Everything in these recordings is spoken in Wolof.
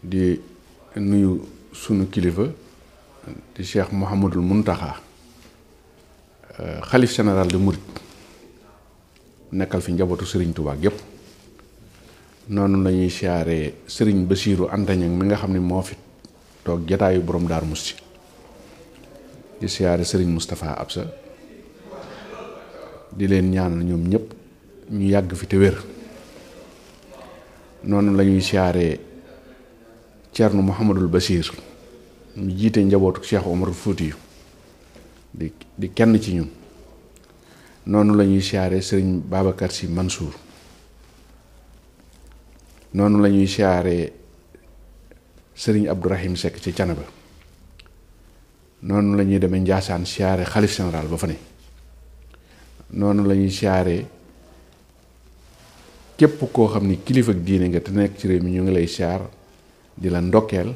di nuyu sunu kilifa di cheikh mohamadul muntaha eh, khalif general de mourid nekkal fi njabootu serigne touba gep nonu la ñuy serigne sëriñ antagne mi nga xamni mo moo fi toog jataayu borom dar musti di siare sering mustapha absa di len ñaan ñom ñep ñu yag fi te wër nonu la ñuy Thierno Mouhamadul Bachir mu jiite njabootu Cheikh Omar Foutiyu di di kenn ci ñun noonu la ñuy siyaare sëriñ Babacar Sy Mansour noonu la ñuy siyaare sëriñ Abdourahim sekk ci Canaba noonu lañuy ñuy demee Njaasaan siyaare xalif général ba fa ne noonu la ñuy siyaare képp koo xam ni kilifa ak diine nga te nekk ci réew mi ñu ngi lay siyaar di la ndokkeel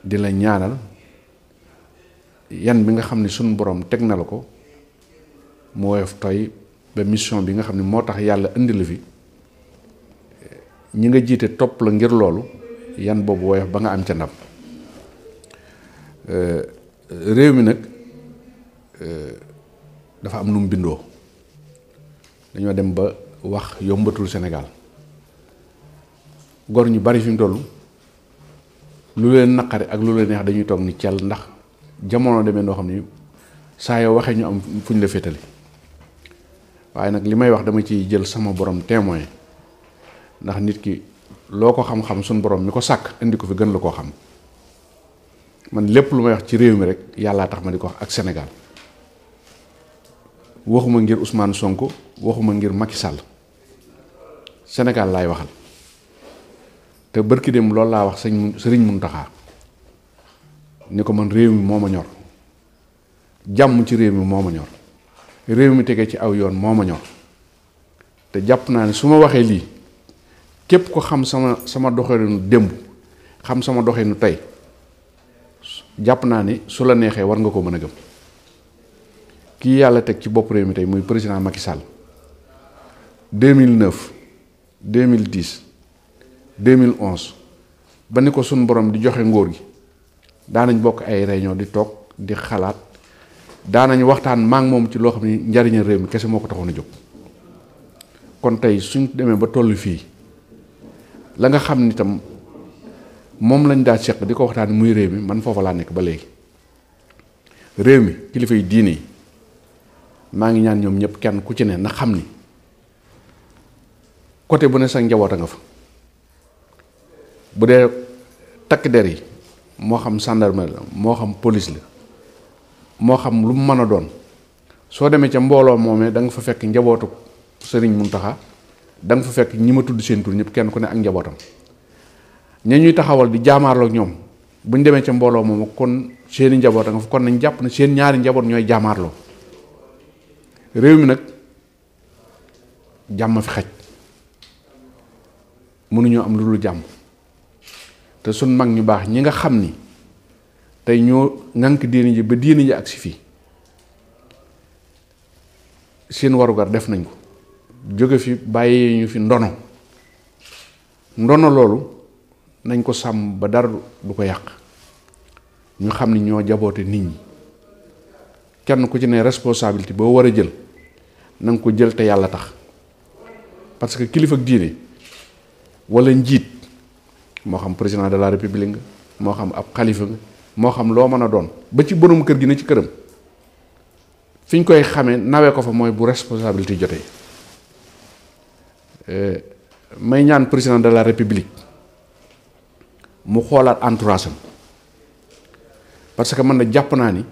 di la ñaanal yan bi nga xam ne sunu borom teg na la ko mu woyof tey ba mission bi nga xam ne moo tax yàlla indi la fi ñi nga jiite topp la ngir loolu yan boobu woyof ba nga am ca ndam réew mi nag dafa am num bindoo dañoo dem ba wax yombatul Sénégal gor ñu bari fi mu toll lu leen naqari ak lu leen neex dañuy toog ni cel ndax jamono demee noo xam ni saa yoo waxee ñu am fu ñu la féetale waaye nag li may wax dama ci jël sama borom témoin ndax nit ki loo ko xam-xam suñ borom mi ko sàkk indi ko fi gën la koo xam man lépp lu may wax ci réew mi rek yàlla tax ma di ko wax ak Sénégal waxuma ngir usmaan Sonko waxuma ngir Macky Sall Sénégal laay waxal te barki dem lool la wax serigne serigne muntaha ni ko man réew mi moo ñor jam ci réew mi moo ñor réew mi tege ci aw yoon moma ñor te japp na ne suma waxe li kep ko xam sama sama doxalinu démb xam sama doxalinu tay. japp na ni su la nexe war nga ko meuna gem ki yalla tek ci bop réew mi tey muy Macky Sall 2009 2010 2011 ba ni ko sun borom di joxe ngor gi daanañ bok ay réunion di tok di xalaat daanañ waxtaan maa mang moom ci lo xamni njariñal réew mi kese moko taxone taxoon kon tay suñ démé ba tollu fi la nga xamni ni tam mom lañ da xek di ko waxtaan muy réew mi man fofu la nek ba légui réew mi kilifa yi diini ma ngi ñaan ñom ñep kenn ku ci ne na xamni côté bu ne sax njabota nga fa bu dee takk der yi moo xam gendarme la moo xam police la moo xam lu mën a doon soo demee ca mbooloo moomee da nga fa fekk njabootu sëriñ muntaxa da nga fa fekk ñi ma tudd seen tur ñëpp kenn ku ne ak njabootam ña ñuy taxawal di jaamaarloog ñoom buñ demee ca mbooloo moomu kon seeni njaboot nga fa kon nañ jàpp ne seen ñaari njaboot ñooy jaamaarloo réew mi nag jàmm fi xaj mënuñoo am lu dul jàmm te sun mag ñu baax ñi nga xam ni tey ñoo ŋànk diine ji ba diine ji ak fii seen warugar def nañ ko jóge fi bàyyee ñu fi ndono ndono loolu nañ ko sàmm ba dar du ko yàq ñu xam ni ñoo jaboote nit ñi kenn ku ci ne responsabilité boo war a jël na nga ko jël te yàlla tax parce que kilifa diine wala njiit Moham xam président de la république nga mo xam ab xalifa nga mo xam lo meuna a doon ba ci borom kër gi ne ci këram fiñ koy xamé nawé ko fa moy bu responsabilité euh may ñaan président de la république mu xoolaat entourage parce que man na japp na ni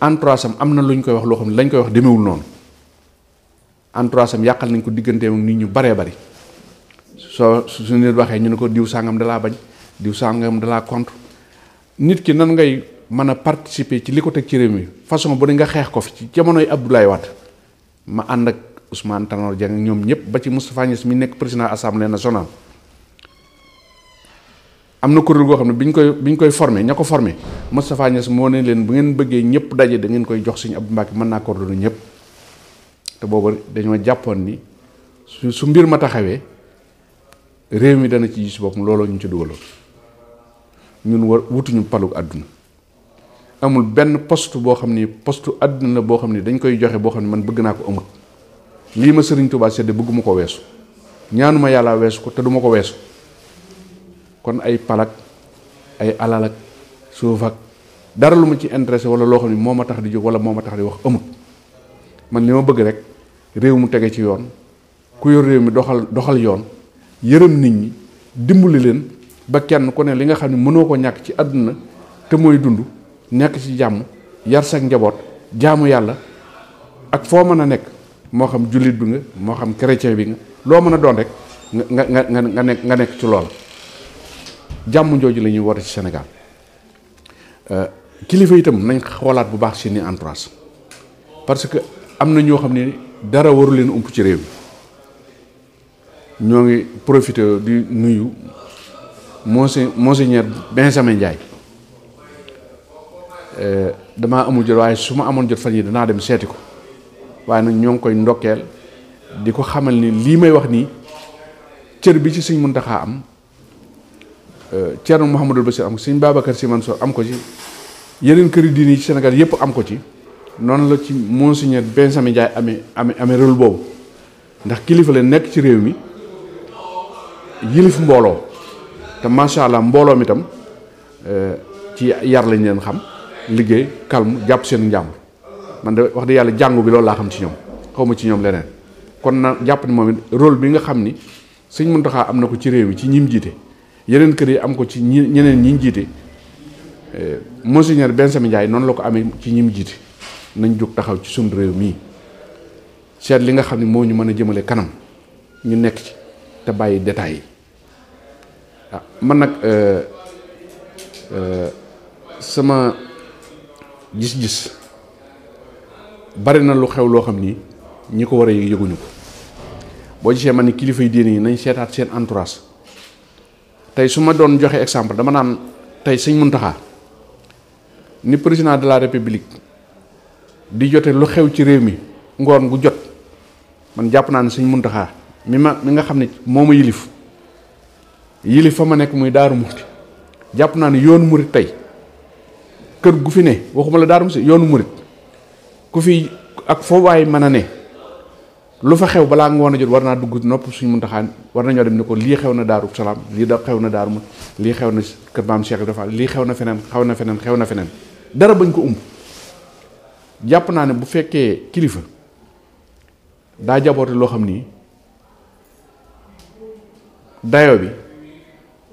entourage am amna luñ koy wax lo xam lañ koy wax demewul non entourage am yakal nañ ko digënté ak nit ñu bare bari so su nit waxe ñu ne ko diw sangam da la bañ diw sangam da la contre nit ki nan ngay mëna participer ci liko tek ci réew mi façon bu nga xex ko ci jamono wat ma and ak ousmane tanor jang ñom ñep ba ci moustapha niass mi nek président assemblée nationale am na kuréel goo xam biñ koy biñ koy former ñako former formé moustapha niass mo ne len bu ngeen bëgge ñep daje da ngeen koy jox suñu abdou mbacke mëna ko coordonné ñep te bobu dañu jappone ni su mbir ma taxawé réew mi dana ci gis boppam looloo ñu ci dugaloon ñun war wutuñu palug àdduna amul benn poste boo xam ni postu àdduna la boo xam ni dañ koy joxe boo xam ni man bëgg naa ko amut lii ma sëriñ Tuubaa sedd bëgguma ko weesu ñaanuma yàlla weesu ko te duma ko weesu kon ay palak ay alal ak suuf ak dara lu ma ci intéressé wala loo xam ni moo ma tax di jóg wala moo ma tax di wax amut man li ma bëgg rek réew mu tege ci yoon ku réew mi doxal doxal yoon yërëm nit ñi dimbali leen ba kenn ku ne li nga xam ne mënoo ko ñàkk ci àdduna te mooy dund nekk ci jàmm yar sa njaboot jaamu yàlla ak foo mën a nekk moo xam jullit bi nga moo xam chrétien bi nga loo mën a doon rek nga nga nga nekk nga nekk ci loola jàmm jooju la ñuy woote ci Sénégal euh, kilifa itam nañ xoolaat bu baax seeni entourage parce que am na ñoo xam ne dara waru leen ump ci réew ñoo ngi profité di nuyu monsi monseigneur Benjamin Ndiaye euh, damaa amul jot waaye su ma amoon jot fan yi danaa dem seeti ko waaye nag ñoo ngi koy ndokkeel di ko xamal ni lii may wax nii cër bi ci suñ Sëñ Muntaxa am euh, Thierno Mouhamadou si am suñ Sëñ Babacar Sy Mansour am ko ci yeneen këri diine yi ci Sénégal yëpp am ko ci noonu la ci monseigneur Benjamin Ndiaye amee amee amee boobu ndax kilifa la nekk ci réew mi yilif mbooloo te macha allah mbooloo mi tam eh, ci yar lañ leen xam liggéey calme jàpp seen njàmm man de wax dëgg yàlla jàngu bi loolu laa xam ci ñoom xaw ma ci ñoom leneen kon na jàpp ni moom it rôle bi nga xam ni suñ mun Muntaxa am na ko ci réew mi ci ñim jiite yeneen kër yi am ko ci ñi ñeneen ñi jiite eh, monseigneur Benjamin Ndiaye noonu la ko amee ci ñim jiite nañ jóg taxaw ci suñu réew mii seet li nga xam ne moo ñu mën a jëmale kanam ñu nekk ci te bàyyi détails yi nak euh euh sama gis-gis bari na lu xew lo xamni ni ñi ko wara yeguñu yëg yëguñu ko boo gisee man ni kilifa yi deene yi nañ sétat sen entourage tay suma doon joxe exemple dama nan tay sëñ muntaha ni président de la république di jote lu xew ci réew mi ngor gu jot man japp naa ne muntaha mi ma mi nga xamni moma yilif yili fa ma nekk muy daaru muxti jàpp naa ne yoonu murit tey kër gu fi ne waxuma la daaru muxti yoonu murit ku fi ak foo waay mën a ne lu fa xew balaa ngoon a jot war naa dugg nopp suñu muntaxaan war nañoo dem ni ko lii xew na daaru salaam lii da xew na daaru ma lii xew na kër maam Cheikh dafa lii xew na feneen xew na feneen xew na feneen dara bañ ko umb jàpp naa ne bu fekkee kilifa daa jaboote loo xam nii dayo bi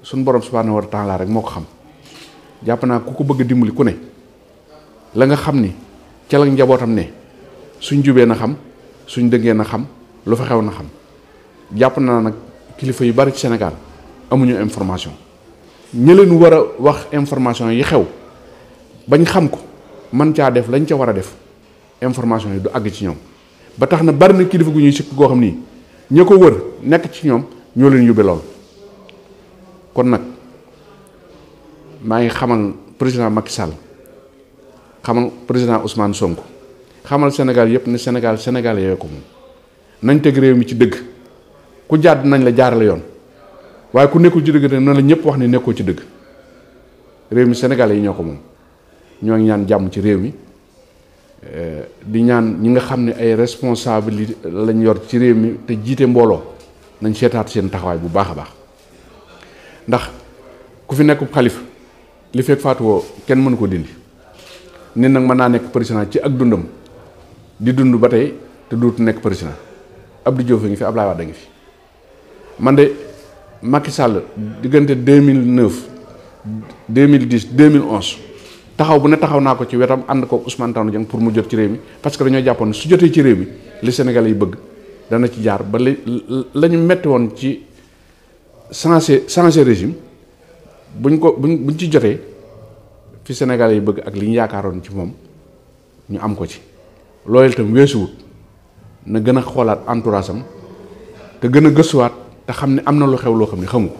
suñu borom subhanahu wa taala rek moo ko xam jàpp naa ku ko bëgg dimbali ku ne la nga xam ni ca njabootam ne suñ jubee na xam suñ dëggee na xam lu fa xew na xam jàpp naa nag kilifa yu bari ci Sénégal amuñu information ñi leen war a wax information yi xew bañ xam ko man caa def lañ ca war a def information yi du àgg ci ñoom ba tax na bari na kilifa gu ñuy sikk goo xam nii ña ko wër nekk ci ñoom ñoo leen yóbbe lool kon nak maa ngi xamal président Macky Sall xamal président Ousmane Sonko xamal Sénégal yëpp ni Sénégal Sénégal yooyu ko nañ teg réew mi ci dëgg ku jadd nañ la la yoon waye ku nekkul ci dëgg te na la ñëpp wax ne nekkoo ci dëgg réew mi Sénégal yi ñoko mom ñoo ñaan jamm ci réew mi eh, di ñaan ñi nga xamni ay responsabilité lañ yor ci réew mi te jité mbolo nañ sétat seen taxaway bu baaxa baax ndax ku fi nekk xalif li fekk fatwo kenn mënu ko dindi nit nak mën naa nekk président ci ak dundum di dund batay te dut nekk président Abdou Diouf ngi fi Ablaye Wade ngi fi man de Macky Sall 2009 2010 2011 taxaw bu ne taxaw nako ci wetam and ko Ousmane tanou jang pour mu jot ci réew mi parce que dañu jappone su jotee ci réew li Sénégalais yi bëgg dana ci jaar ba lañu metti won ci changer changer régime buñ ko buñ buñ ci jotee fi Sénégalais yi bëgg ak liñ ñu yaakaaroon ci moom ñu am ko ci loolu itam weesuwut na gën a xoolaat entourage te gën a gëstuwaat te xam ne am na lu xew loo xam ne xamu ko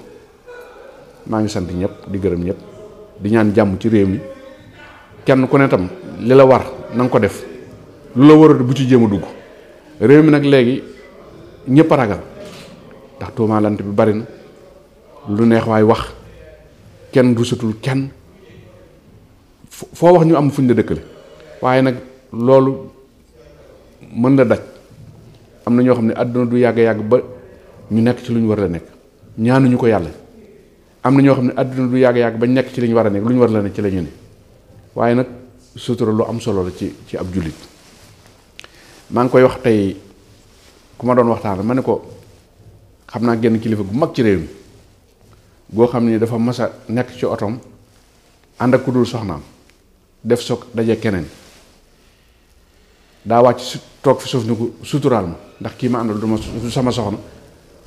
maa ngi sant ñëpp di gërëm ñëpp di ñaan jàmm ci réew mi kenn ku ne tam li la war na ko def lu la waratu bu ci jéema a dugg réew mi nag léegi ñëpp a ragal ndax tuumaalante bi bari na. lu neex waay wax kenn rusatul kenn foo wax ñu am fuñ la dëkkale waaye nag loolu mën la daj am na ñoo xam ne àdduna du yàgg yàgg ba ñu nekk ci lu ñu war a nekk ñaanuñu ko yàlla am na ñoo xam ne àdduna du yàgg yàgg ba ñu nekk ci li ñu war a nekk lu ñu war la nekk ci la ne waaye nag sutura lu am solo la ci ci ab jullit maa ngi koy wax tey ku ma doon waxtaan ma ne ko xam naa genn kilifa gu mag ci réew go xamni dafa massa nek ci otom ànd ak dul def sok, daje kenen da wacc tok fi suuf ni ko suturaal ma ndax ki ma andal duma sama soxna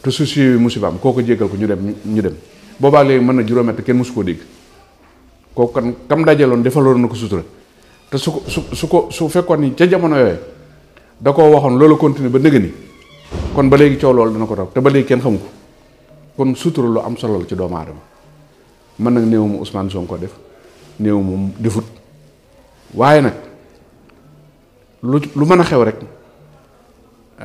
te suuf yooyu musibaam kooko ko ñu dem ñu dem boba lay mën na ken musu dégg kan kam dajalon defaloon nako ko sutura te su su ko su fekkoon ni ca jamono yoy da ko waxon lolu continue ba kon ba legi coow lolu dana ko raw te ba legi ken xamuko kon sutura lu am solo la ci doomu aadama man nag néew mu Ousmane ko def néew mu defut waaye nag lu lu mën a xew rek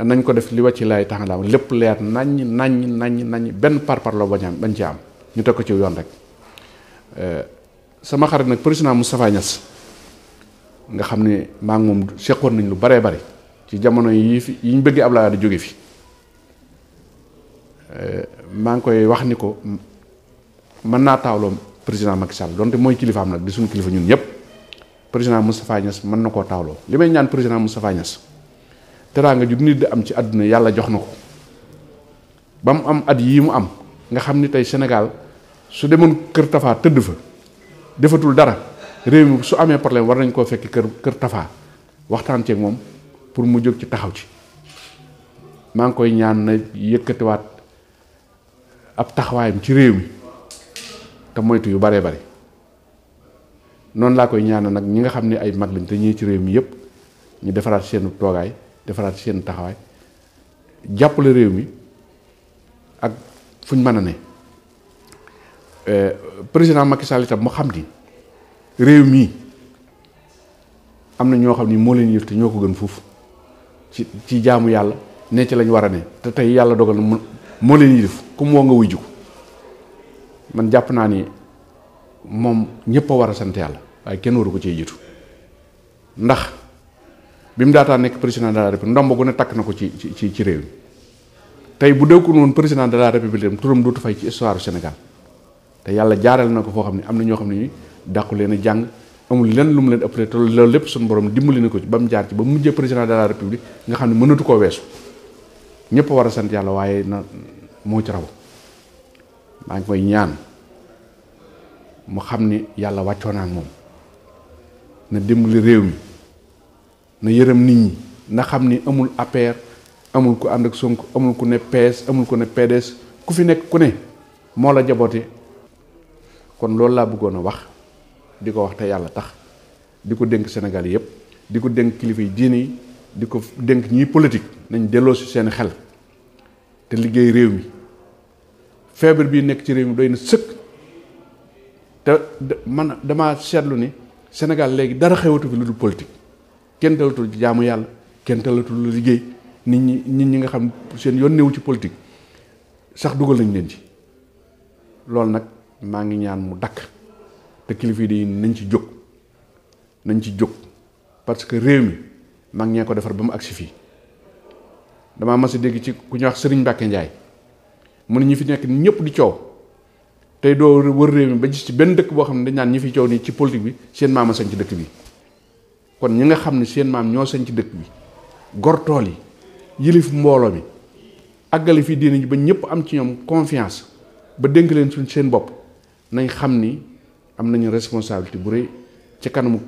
nañ ko def li wàcc laay tax a lépp leer naññ naññ naññ nañ benn par par la bañ bañ ci am ñu teg ko ci yoon rek euh, sama xarit nag président Moustapha Niass nga xam ne maam ngi moom seqoon nañ lu baree bari ci jamono yii fi yi ñu bëgg Abdoulaye di jóge fi. Euh, maa ngi koy wax ni ko mën naa taawloo président Macky Sall donte mooy kilifaam nag di suñ kilifa ñun ñëpp président Moustapha Niass mën na koo taawloo li may ñaan président Moustapha Niass teraanga ju nit di am ci àdduna yàlla jox na ko ba mu am at yii mu am nga xam ni tey Sénégal su demoon kër tafaa tëdd fa defatul dara réew mi su amee problème war nañ koo fekk kër kër Tafa waxtaan ceeg moom pour mu jóg ci taxaw ci maa ngi koy ñaan na yëkkatiwaat. ab taxawaayam ci réew mi te moytu yu baree bari noonu laa koy ñaanal nag ñi nga xam ne ay mag lañ te ñii ci réew mi yëpp ñu defaraat seen toogaay defaraat seen taxawaay jàppale réew mi ak fuñ mën a ne euh, président Macky Sall itam xam ni réew mi am na ñoo xam ni moo leen yër te ñoo ko gën fuuf ci ci jaamu yàlla ne ci lañ war a ne te tey yàlla dogal na moo leen yilif ku mu woo nga wuy jug man jàpp naa ni moom ñëpp a war a sant yàlla waaye kenn waru ko cee jiitu ndax bi mu daataa nekk président de la république ndomb gu ne takk na ko ci ci ci réew mi tey bu dëkkul woon président de la république dem turam dootu fay ci histoire Sénégal te yàlla jaareel na ko foo xam ne am na ñoo xam ne ñu dàqu leen a jàng amul lenn lu mu leen ëppale te loolu lépp suñu borom dimbali na ko ci ba mu jaar ci ba mujjee président de la république nga xam ne mënatu koo weesu. ñëpp war a sant yàlla waaye na moo ci raw maa ngi koy ñaan mu xam ni yàlla wàccoo naa na dimbali réew mi na yërëm nit ñi na xam amul APR amul ku ànd ak Sonko amul ku ne PS amul ku ne PDS ku fi nekk ku ne moo la kon loolu laa bëggoon a wax di ko wax te yàlla tax di ko dénk Sénégal yépp di ko dénk kilifa yi diine yi di ko dénk politique nañ delloo si seen xel te liggéey réew mi feebar bi nekk ci réew mi doy na sëkk te man dama seetlu ni sénégal léegi dara xewatu fi lu dul politique kenn dalatul ci jaamu yàlla kenn dalatul lu liggéey nit ñi nit ñi nga xam seen yoon newu ci politique sax dugal nañ leen ci loolu nag maa ngi ñaan mu dakk te kilifi di nañ ci jóg nañ ci jóg parce que réew mi mag ñee ko defar ba mu agsi fii damaa mas a dégg ci ku ñuy wax sëriñ Mbacke Ndiaye mun ne ñi fi nekk ñëpp di coow tey doo wër réew mi ba gis ci benn dëkk boo xam ne dañ naan ñi fi coow nii ci politique bi seen maam a sañ ci dëkk bi kon ñi nga xam ne seen maam ñoo sañ ci dëkk bi gortool yi yilif mbooloo mi àggali fii diine ba ñëpp am ci ñoom confiance ba dénk leen suñ seen bopp nañ xam ni am nañu responsabilité bu rëy ci kanamu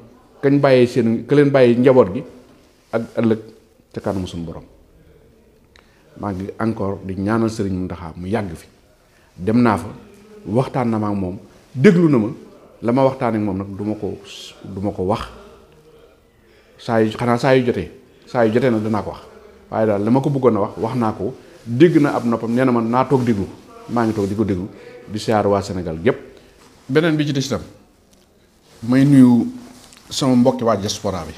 kañ bàyyee seen ka leen bàyyee njaboot gi ak ëllëg ca kanamu suñu borom maa ngi encore di ñaanal sëriñ Mountakha mu yàgg fi dem naa fa waxtaan na ma moom déglu na ma la ma waxtaan moom nag duma ko du ma ko wax saa yu xanaa saa yu jotee saa yu jotee nag danaa ko wax waaye daal la ma ko bëggoon a wax wax naa ko dégg na ab noppam nee na ma naa toog déglu maa ngi toog di ko déglu di siyaar waa Sénégal gépp beneen bi ci des itam may nuyu sama mbokki waa diaspora bi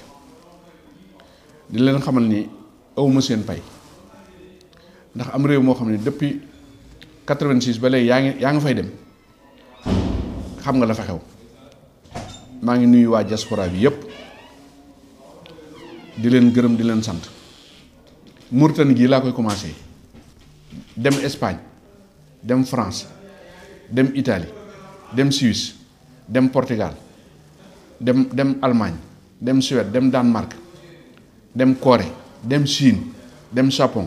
di leen xamal ni awma seen pay ndax am réew moo xam ne depuis 86 ba léegi yaa ngi yaa ngi fay dem xam nga la fa xew maa ngi nuyu waa diaspora bi yépp di leen gërëm di leen sant Mauritanie gii laa koy commencé dem Espagne dem France dem Italie dem Suisse dem Portugal dem dem Allemagne dem Suède dem Danemark dem Corée dem Chine dem Japon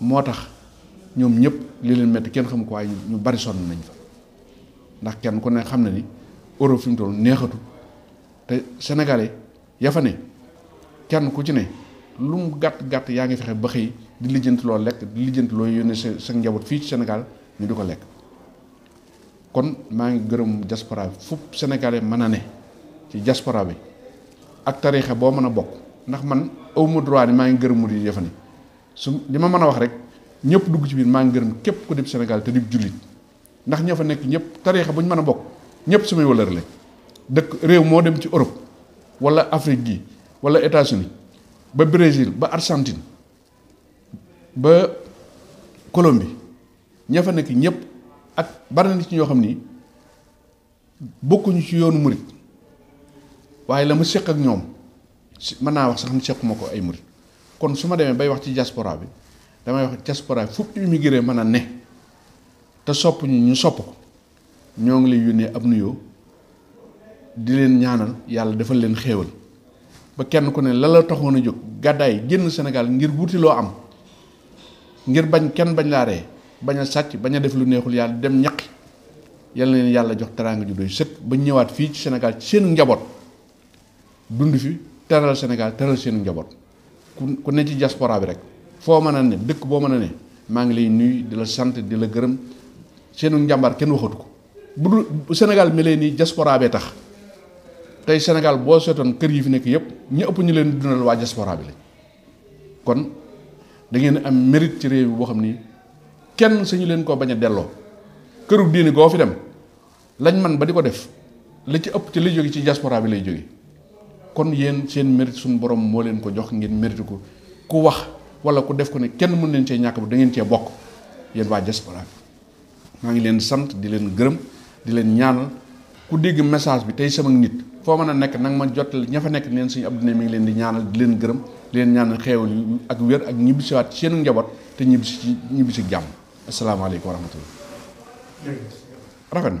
moo tax ñoom ñëpp li leen metti kenn xamu ko waaye ñu bari sonn nañ fa ndax kenn ku ne xam na ni Europe fi mu neexatu te sénégalais ya ne kenn ku ci ne lu mu gàtt gàtt yaa ngi fexe ba xëy di lijjanti lekk di lijjanti loo yónnee sa sa njaboot fii ci Sénégal ñu di ko lekk kon maa ngi gërëm diaspora bi fu sénégalais mën a ne ci diaspora bi ak tariixa boo mën a bokk ndax man awma droit ni maa ngi gërëm mu yi ya su li ma mën a wax rek ñëpp dugg ci biir maa ngi gërëm képp ku dib Sénégal te dib jullit ndax ña fa nekk ñëpp tariixa bu ñu mën a bokk ñëpp sumay wëlër dëkk réew moo dem ci Europe wala Afrique wala États-Unis ba Brésil ba Argentine ba Colombie ña fa nekk ñëpp ak bari na ci ñoo xam ni bokkuñu ci yoonu murit waaye la ma seq ak ñoom mën naa wax sax kon suma demé bay wax ci diaspora bi damay wax diaspora bi immigré mëna né ne te sopp ñu ñu sopp ko ñoo ngi lay yuné ab nuyo di leen ñaanal yalla defal leen xéewal ba kenn ku ne la la taxoon juk gaday génn Sénégal ngir wuti lo am ngir bañ kenn bañ la ré baña sacc baña def lu neexul yalla dem ñak yalla leen yalla jox teranga ju doy sekk ba ñëwaat fi ci Sénégal ci seen njabot dund fi teral Sénégal teral seen njabot ku ne ci diaspora bi rek foo mën a ne dëkk boo mën a ne maa ngi lay nuy di la sant di la gërëm seenu njàmbaar kenn waxatu ko bu senegal sénégal mi lay nii diaspora bee tax tey sénégal boo seetoon kër yi fi nekk ñi ëpp ñu leen dundal waa diaspora bi lañ kon da ngeen am mérite ci réew bi boo xam ni kenn sañu leen koo bañ a delloo këru diini goo fi dem lañ man ba di def la ci ëpp ci li jóge ci diaspora bi lay kon yéen seen mérite sun borom moo leen ko jox ngeen mérite ko ku wax wala ku def ko ne kenn mën leen cee ñàkk bu da ngeen cee bokk yéen waa diaspora bi maa ngi leen sant di leen gërëm di leen ñaanal ku dégg message bi tey sama nit foo mën a nekk nag ma jotal ña fa nekk neen suñu abdune mi ngi leen di ñaanal di leen gërëm di leen ñaanal xeewal ak wér ak ñibbisiwaat seen njaboot te ñibbisi ci ñibbisi jàmm asalaamaaleykum wa rahmatullah rafet na